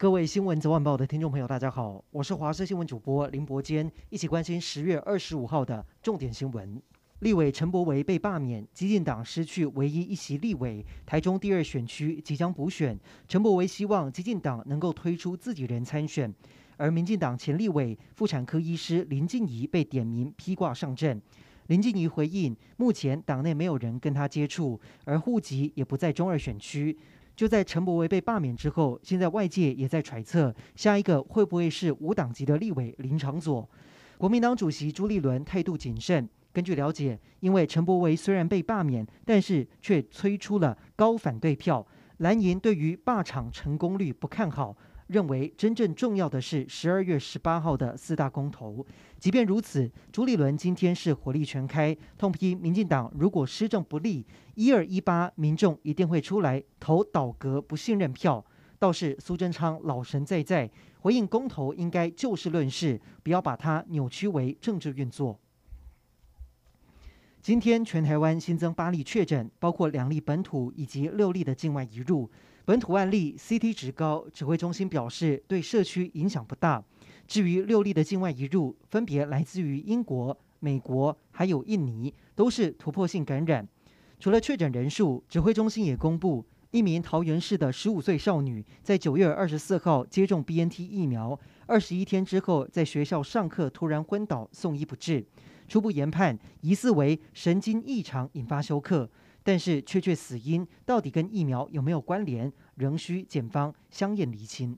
各位新聞早晚報的聽眾朋友，大家好，我是華視新聞主播林博堅，一起關心十月二十五號的重點新聞。立委陳柏惟被罷免，基進黨失去唯一一席立委，台中第二選區即將補選。陳柏惟希望基進黨能夠推出自己人參選，而民進黨前立委、婦產科醫師林靜儀被點名披掛上陣。林靜儀回應，目前黨內沒有人跟她接觸，而戶籍也不在中二選區。就在陳柏惟被罷免之後，現在外界也在揣測，下一個會不會是無黨籍的立委林昶佐？國民黨主席朱立倫態度謹慎。根據了解，因為陳柏惟雖然被罷免，但是卻催出了高反對票。藍營對於罷昶成功率不看好。認為真正重要的是十二月十八號的四大公投。即便如此，朱立倫今天是火力全開，痛批民進黨如果施政不利，一二一八民眾一定會出來投倒閣不信任票。倒是蘇貞昌老神在在，回應公投應該就事論事，不要把它扭曲為政治運作。今天全台灣新增八例確診，包括兩例本土以及六例的境外移入。本土案例 CT 值高，指揮中心表示對社區影響不大。至於六例的境外移入，分別來自於英國、美國，還有印尼，都是突破性感染。除了確診人數，指揮中心也公布，一名桃園市的十五歲少女，在九月二十四號接種 BNT 疫苗，二十一天之後在學校上課突然昏倒，送醫不治，初步研判疑似為神經異常引發休克。但是，確切死因到底跟疫苗有沒有關聯，仍需檢方相驗釐清。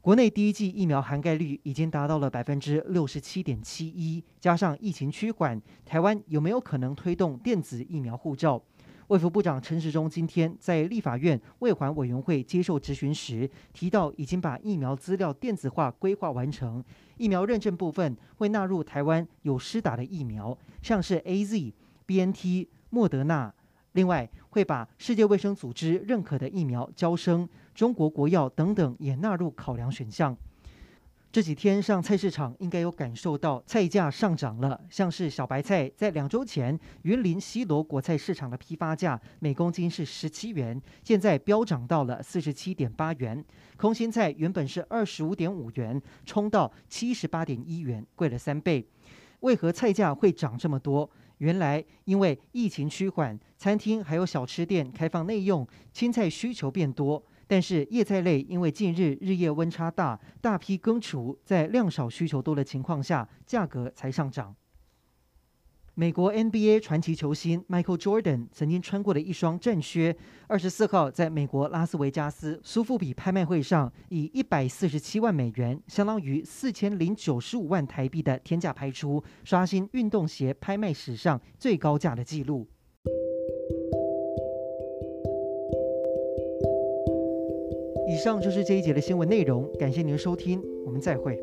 國內第一劑疫苗涵蓋率已經達到了百分之六十七點七一，加上疫情趨緩，台灣有沒有可能推動電子疫苗護照？衛福部長陳時中今天在立法院衛環委員會接受質詢時提到，已經把疫苗資料電子化規劃完成，疫苗認證部分會納入台灣有施打的疫苗，像是 AZ、BNT。莫德納，另外會把世界衛生組織認可的疫苗、嬌生、中國國藥等等也納入考量選項。這幾天上菜市場，應該有感受到菜價上漲了。像是小白菜，在兩周前雲林西螺果菜市場的批發價每公斤是十七元，現在飆漲到了四十七點八元。空心菜原本是二十五點五元，衝到七十八點一元，貴了三倍。為何菜價會漲這麼多？原來，因為疫情趨緩，餐廳還有小吃店開放內用，青菜需求變多。但是葉菜類因為近日日夜溫差大，大批耕鋤，在量少需求多的情況下，價格才上漲。美國 NBA 傳奇球星 Michael Jordan 曾經穿過的一雙戰靴，二十四號在美國拉斯維加斯蘇富比拍賣會上以一百四十七萬美元（相當於四千零九十五萬台幣）的天價拍出，刷新運動鞋拍賣史上最高價的記錄。以上就是這一節的新聞內容，感謝您的收聽，我們再會。